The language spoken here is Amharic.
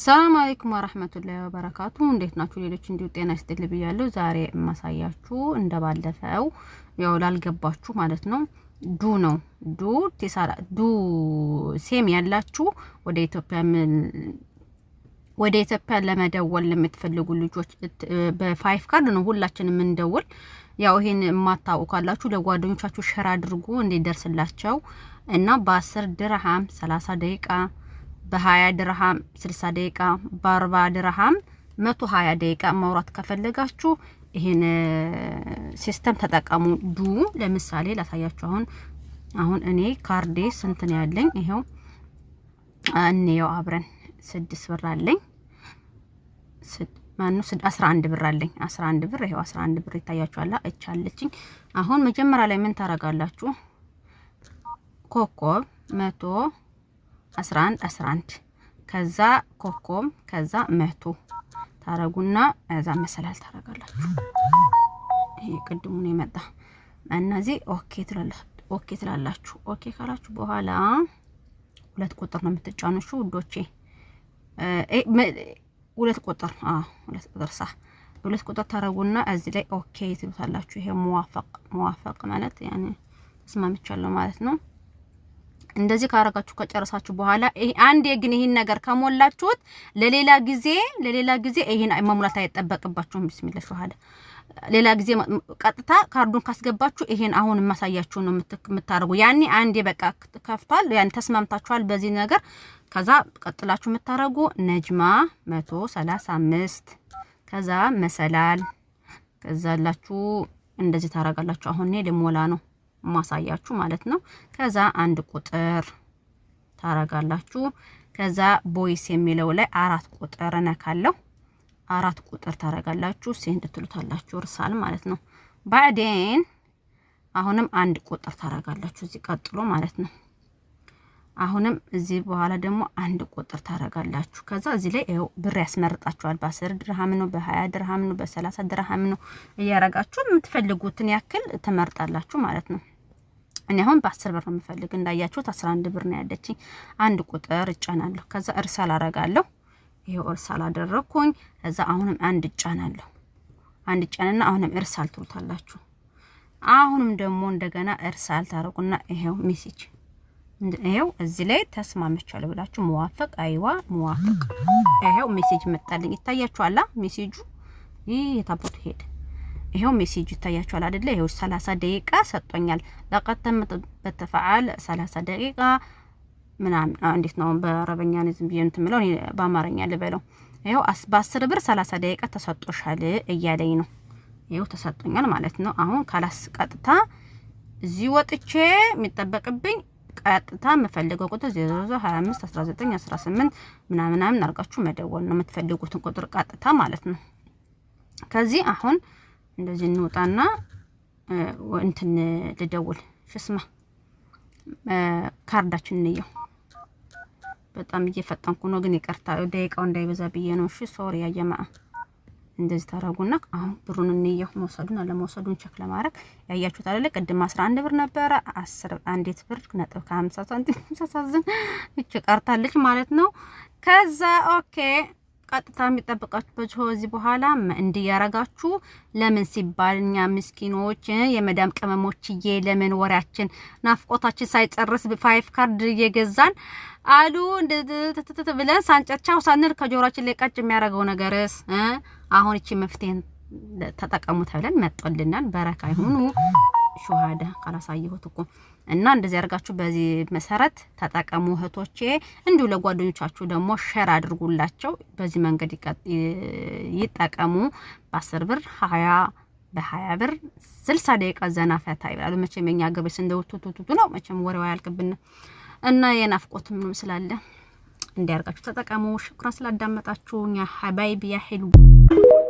ሰላም አለይኩም ወራህመቱላሂ ወበረካቱ። እንዴት ናችሁ? ሌሎች እንዲሁ ጤና ይስጥልኝ ብያለሁ። ዛሬ የማሳያችሁ እንደባለፈው ያው ላልገባችሁ ማለት ነው ዱ ነው ዱ ቴሳራ ዱ ሴም ያላችሁ ወደ ኢትዮጵያ ወደ ኢትዮጵያ ለመደወል ለምትፈልጉ ልጆች በፋይፍ ካርድ ነው ሁላችንም እንደውል። ያው ይሄን የማታውቁ ካላችሁ ለጓደኞቻችሁ ሸር አድርጉ እንዲደርስላቸው እና በአስር ድርሃም ሰላሳ ደቂቃ በ20 ድርሃም 60 ደቂቃ፣ በ40 ድርሃም 120 ደቂቃ ማውራት ከፈለጋችሁ ይሄን ሲስተም ተጠቀሙ። ዱ ለምሳሌ ላሳያችሁ። አሁን አሁን እኔ ካርዴ ስንት ነው ያለኝ? ይሄው እንየው አብረን። ስድስት ብር አለኝ ማነው? አስራ አንድ ብር አለኝ። አስራ አንድ ብር ይሄው አስራ አንድ ብር ይታያችኋል። እቻለችኝ። አሁን መጀመሪያ ላይ ምን ታረጋላችሁ? ኮከብ መቶ 11 11 ከዛ ኮኮም ከዛ መቶ ታረጉና እዛ መሰላል ታረጋላችሁ። ይሄ ቅድሙን የመጣ እነዚህ ኦኬ ትላላችሁ። ኦኬ ትላላችሁ። ኦኬ ካላችሁ በኋላ ሁለት ቁጥር ነው የምትጫኑሹ ውዶቼ። ሁለት ቁጥር ሁለት ቁጥር ሳ ሁለት ቁጥር ታረጉና እዚህ ላይ ኦኬ ትሉታላችሁ። ይሄ መዋፈቅ መዋፈቅ ማለት ያኔ ተስማምቻለሁ ማለት ነው። እንደዚህ ካረጋችሁ ከጨረሳችሁ በኋላ አንዴ ግን ይህን ነገር ከሞላችሁት ለሌላ ጊዜ ለሌላ ጊዜ ይህን መሙላት አይጠበቅባችሁም። ቢስሚላ ሸሃዳ ሌላ ጊዜ ቀጥታ ካርዱን ካስገባችሁ ይሄን አሁን የማሳያችሁ ነው የምታደርጉ። ያኔ አንዴ በቃ ከፍቷል፣ ያኔ ተስማምታችኋል በዚህ ነገር። ከዛ ቀጥላችሁ የምታደርጉ ነጅማ 135 ከዛ መሰላል ከዛላችሁ እንደዚህ ታረጋላችሁ። አሁን እኔ ልሞላ ነው። ማሳያችሁ ማለት ነው። ከዛ አንድ ቁጥር ታረጋላችሁ። ከዛ ቦይስ የሚለው ላይ አራት ቁጥር እነካለሁ። አራት ቁጥር ታረጋላችሁ። ሴንድ ትሉታላችሁ እርሳል ማለት ነው። ባዕዴን አሁንም አንድ ቁጥር ታረጋላችሁ እዚህ ቀጥሎ ማለት ነው። አሁንም እዚህ በኋላ ደግሞ አንድ ቁጥር ታረጋላችሁ። ከዛ እዚህ ላይ ይኸው ብር ያስመርጣችኋል። በአስር ድርሃም ነው፣ በሀያ ድርሃም ነው፣ በሰላሳ ድርሃም ነው እያረጋችሁ የምትፈልጉትን ያክል ትመርጣላችሁ ማለት ነው። እኔ አሁን በአስር ብር ነው የምፈልግ። እንዳያችሁት አስራ አንድ ብር ነው ያለችኝ። አንድ ቁጥር እጫናለሁ። ከዛ እርሳል አረጋለሁ። ይሄው እርሳል አደረኩኝ። ከዛ አሁንም አንድ እጫናለሁ። አንድ እጫንና አሁንም እርሳል ትሉታላችሁ። አሁንም ደግሞ እንደገና እርሳል ታረቁና ይሄው ሜሴጅ ይሄው እዚህ ላይ ተስማምቻለሁ ብላችሁ መዋፈቅ አይዋ መዋፈቅ። ይሄው ሜሴጅ መጣልኝ። ይታያችኋላ ሜሴጁ ይህ የታቦቱ ሄደ። ይሄው ሜሴጅ ይታያችኋል አይደለ? ይሄው 30 ደቂቃ ሰጥቶኛል። ለቀጥ በተፈዓል 30 ደቂቃ ምናምን እንዴት ነው በአረበኛ ነው ዝም ብዬ የምትምለው በአማርኛ ልበለው። ይሄው በአስር ብር 30 ደቂቃ ተሰጥቶሻል እያለኝ ነው። ይሄው ተሰጥቶኛል ማለት ነው። አሁን ካላስ ቀጥታ እዚህ ወጥቼ የሚጠበቅብኝ ቀጥታ የምፈልገው ቁጥር 0025 19 18 ምናምን ምናምን አድርጋችሁ መደወል ነው የምትፈልጉትን ቁጥር ቀጥታ ማለት ነው። ከዚህ አሁን እንደዚህ እንውጣና እንትን ልደውል ሽስማ ካርዳችን እንየው። በጣም እየፈጠንኩ ነው፣ ግን ይቅርታ ደቂቃው እንዳይበዛ ብዬ ነው። እሺ ሶሪ ያየማ እንደዚህ ታረጉና አሁን ብሩን እንየው፣ መውሰዱን አለመውሰዱን ቸክ ለማድረግ ያያችሁት አይደለ? ቅድም 11 ብር ነበረ 10 አንዴት ብር ነጥብ ከ50 ሳንቲም ሳሳዝን እቺ ቀርታለች ማለት ነው። ከዛ ኦኬ ቀጥታ የሚጠብቃችሁ በጆ እዚህ በኋላ እንዲህ ያረጋችሁ ለምን ሲባል እኛ ምስኪኖች የመዳም ቅመሞችዬ ለምን ወሬያችን ናፍቆታችን ሳይጨርስ ፋይፍ ካርድ እየገዛን አሉ እንደትትት ብለን ሳንጨቻው ሳንል ከጆሮችን ላይ የሚያደረገው የሚያደርገው ነገርስ አሁን እቺ መፍትሄን ተጠቀሙ ተብለን መጥቶልናል። በረካ ይሁኑ ሸሃዳ ካላሳየሁት እኮ እና እንደዚህ አድርጋችሁ በዚህ መሰረት ተጠቀሙ እህቶቼ። እንዲሁ ለጓደኞቻችሁ ደግሞ ሼር አድርጉላቸው። በዚህ መንገድ ይጠቀሙ። በአስር ብር ሀያ በሀያ ብር ስልሳ ደቂቃ ዘና ፈታ ይላሉ። መቼም የኛ ገብ ስንደውቱቱቱ ነው መቼም ወሬው አያልቅብን እና የናፍቆትም ነው ስላለ እንዲያርጋችሁ ተጠቀሙ። ሽኩራን ስላዳመጣችሁ ያ ሀባይብ ሄሉ